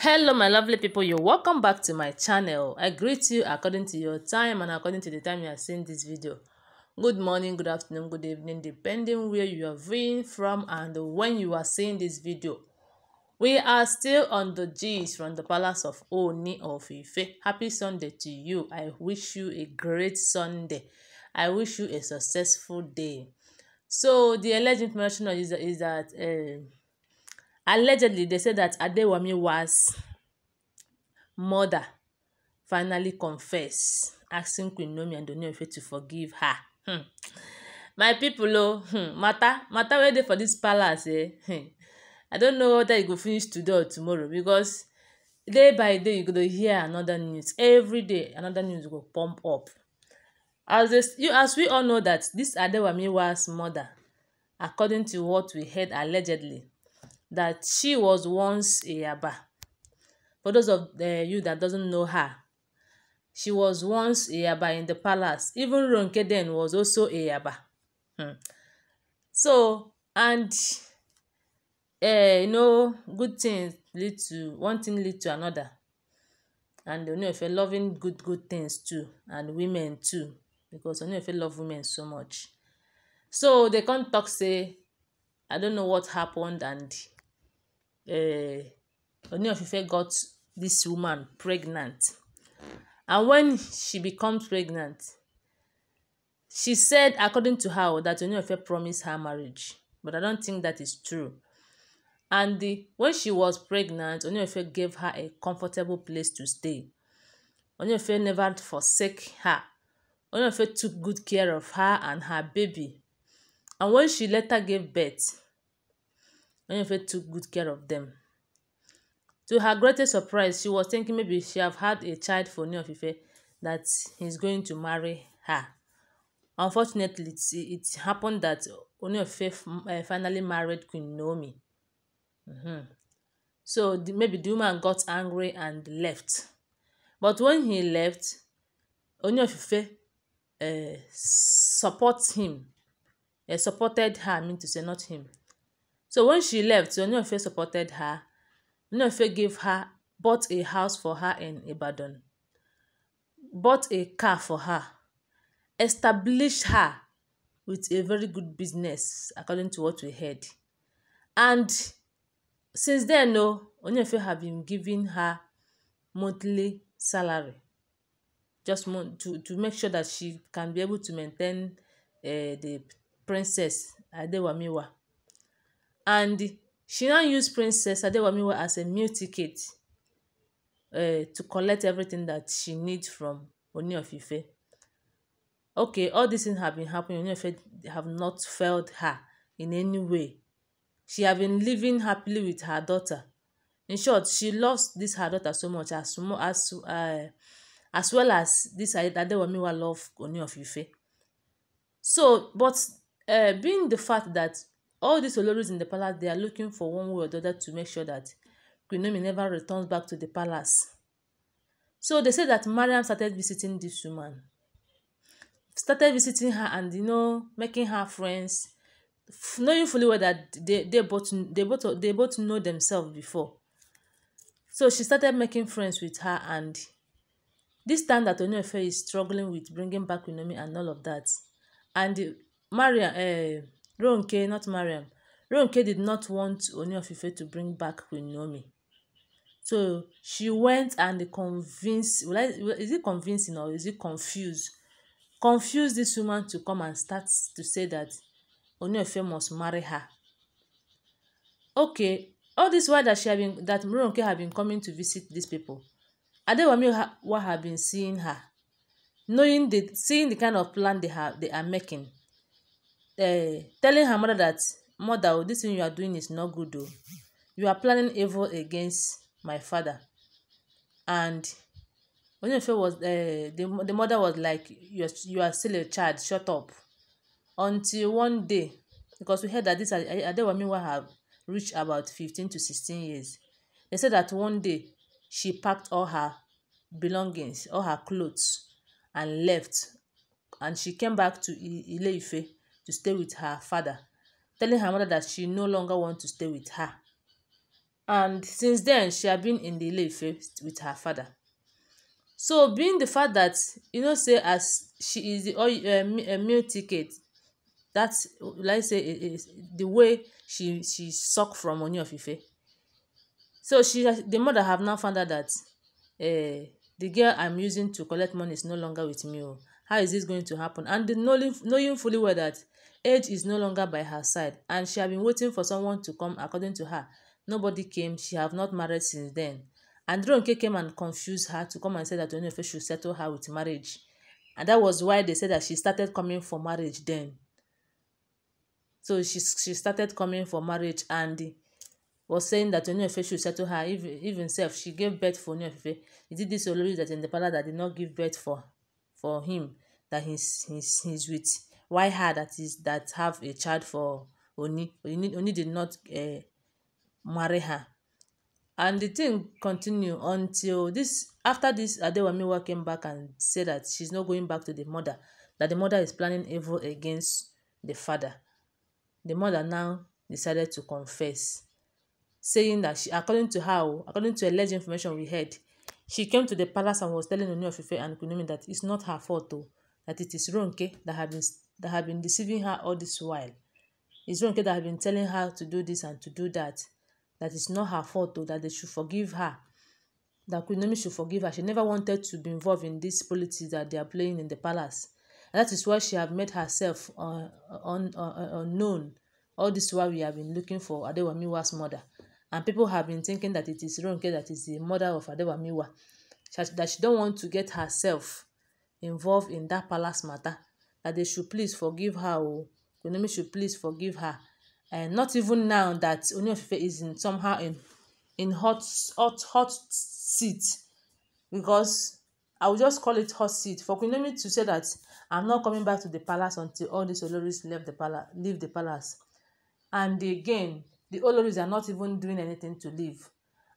hello my lovely people you're welcome back to my channel i greet you according to your time and according to the time you are seeing this video good morning good afternoon good evening depending where you are viewing from and when you are seeing this video we are still on the gist from the palace of oni of ife happy sunday to you i wish you a great sunday i wish you a successful day so the alleged information is, is that uh, allegedly they said that Adewami was mother finally confess, asking Queen Naomi and Ooni of Ife to forgive her. Hmm. my people oh hmm, matter matter wey dey for this palace eh hmm. i don't know whether e go finish today or tomorrow because day by day you go dey hear another news every day another news go pump up as this, you as we all know that this was mother according to what we heard allegedly that she was once a yaba. For those of uh, you that doesn't know her, she was once a yaba in the palace. Even Ronke then was also a yaba. Hmm. So, and uh, you know, good things lead to one thing lead to another. And Onuefe loving good good things too, and women too, because Onuefe love women so much. So they come talk say, I don't know what happened and uh, got this woman pregnant. And when she becomes pregnant, she said, according to her, that Ooni promised her marriage. But I don't think that is true. And the, when she was pregnant, Ooni gave her a comfortable place to stay. Ooni never forsake her. Ooni took good care of her and her baby. And when she later gave birth, when Emefiele took good care of them. To her greatest surprise, she was thinking maybe she have had a child for Ooni that he's going to marry her. Unfortunately, it, it happened that Ooni uh, eh, finally married Queen Naomi. Mm-hmm. So the, maybe the woman got angry and left. But when he left, Ooni of uh, support him, uh, supported her, I mean to say not him, So when she left, Onyofe supported her. Onyofe gave her, bought a house for her in Ibadan, bought a car for her, established her with a very good business, according to what we heard. And since then, no, oh, Onyefe have been giving her monthly salary just to, to make sure that she can be able to maintain uh, the princess Adewamiwa and she now use princess adewamiwa as a meal ticket uh, to collect everything that she need from oni of ife okay all these things have been happening oni of ife have not failed her in any way she have been living happily with her daughter in short she lost this her daughter so much as as uh, as well as this adewamiwa love oni of ife so but uh, being the fact that All these Oloris in the palace, they are looking for one way or the other to make sure that Kunomi never returns back to the palace. So they say that Mariam started visiting this woman. Started visiting her and, you know, making her friends, knowing fully well that they, they, both, they, both, they both know themselves before. So she started making friends with her and this time that Onyefe is struggling with bringing back Kunomi and all of that. And Mariam... Uh, eh, Ronke, not Mariam. Ronke did not want Ooni of Ife to bring back Queen Naomi. So she went and convinced, is it convincing or is it confused? Confused this woman to come and start to say that Ooni of Ife must marry her. Okay, all this while that she had been, that Ronke had been coming to visit these people, Adewami had been seeing her, knowing the, seeing the kind of plan they have, they are making uh, telling her mother that mother oh this thing you are doing is not good oh you are planning evil against my father and Onyefe was uh, the the mother was like you are, you are still a child shut up until one day because we heard that this Adewamiwa have reached about fifteen to sixteen years they said that one day she packed all her belongings all her clothes and left and she came back to ile to stay with her father, telling her mother that she no longer wants to stay with her. And since then, she has been in the Ile-Ife with her father. So being the fact that, you know, say as she is the uh, meal ticket, that's, like I say, is the way she she suck from money of Ife. So she the mother have now found out that uh, the girl I'm using to collect money is no longer with me. Oh. How is this going to happen? And knowing, knowing fully well that age is no longer by her side and she had been waiting for someone to come according to her. Nobody came. She have not married since then. Andronke came and confused her to come and say that Onyefe should settle her with marriage. And that was why they said that she started coming for marriage then. So she, she started coming for marriage and was saying that Onyefe should settle her, even, even self. She gave birth for Onyefe. He did this already that in the palace that did not give birth for for him that he's he's he's with why her that is that have a child for Oni Oni Oni did not uh, marry her and the thing continue until this after this Adewamiwa came back and said that she's not going back to the mother that the mother is planning evil against the father the mother now decided to confess saying that she according to her according to alleged information we heard She came to the palace and was telling the new Ife and Kunimi that it's not her fault though, that it is Ronke that had been that had been deceiving her all this while. It's Ronke that had been telling her to do this and to do that, that it's not her fault though, that they should forgive her, that Kunimi should forgive her. She never wanted to be involved in this politics that they are playing in the palace. And that is why she have made herself uh, un, uh, uh unknown all this while we have been looking for Adewamiwa's mother. and people have been thinking that it is Ronke that is the mother of Adewamiwa, that she don't want to get herself involved in that palace matter, that they should please forgive her, O oh. Kunomi should please forgive her. And not even now that Oniofife is in somehow in in hot hot hot seat because I will just call it hot seat for Queen to say that I'm not coming back to the palace until all these Oloris leave the palace leave the palace. And again, The Oloris are not even doing anything to leave.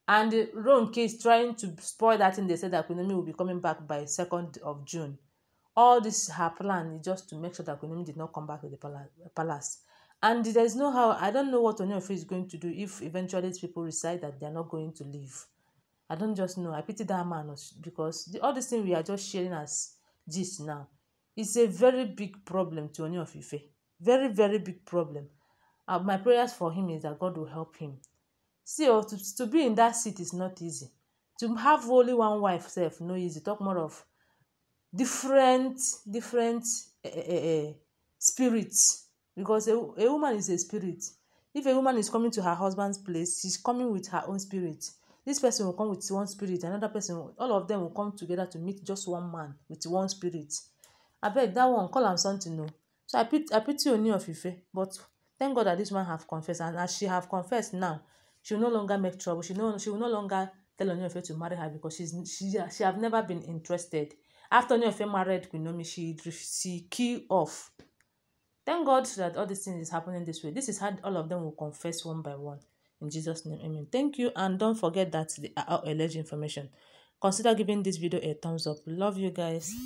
And Ronke is trying to spoil that thing they said that Kunomi will be coming back by 2nd of June. All this her plan is just to make sure that Kunomi did not come back to the palace. And there's no how, I don't know what Onyefe is going to do if eventually these people decide that they are not going to leave. I don't just know. I pity that man because the, other thing we are just sharing as gist now is a very big problem to Onyefe. Very, very big problem uh, my prayers for him is that God will help him. See, oh, to, to be in that seat is not easy. To have only one wife self no easy. Talk more of different different uh, uh, uh, spirits because a, a woman is a spirit. If a woman is coming to her husband's place, she's coming with her own spirit. This person will come with one spirit, another person, all of them will come together to meet just one man with one spirit. I beg that one, call him something, no. So I pity, I pity Ooni of Ife, but Thank God that this woman have confessed, and as she have confessed now, she will no longer make trouble. She no, she will no longer tell Onyefe to marry her because she's she she have never been interested. After Onyefe married Kunomi, she she key off. Thank God that all these things is happening this way. This is how all of them will confess one by one. In Jesus' name, amen. Thank you, and don't forget that the alleged information. Consider giving this video a thumbs up. Love you guys.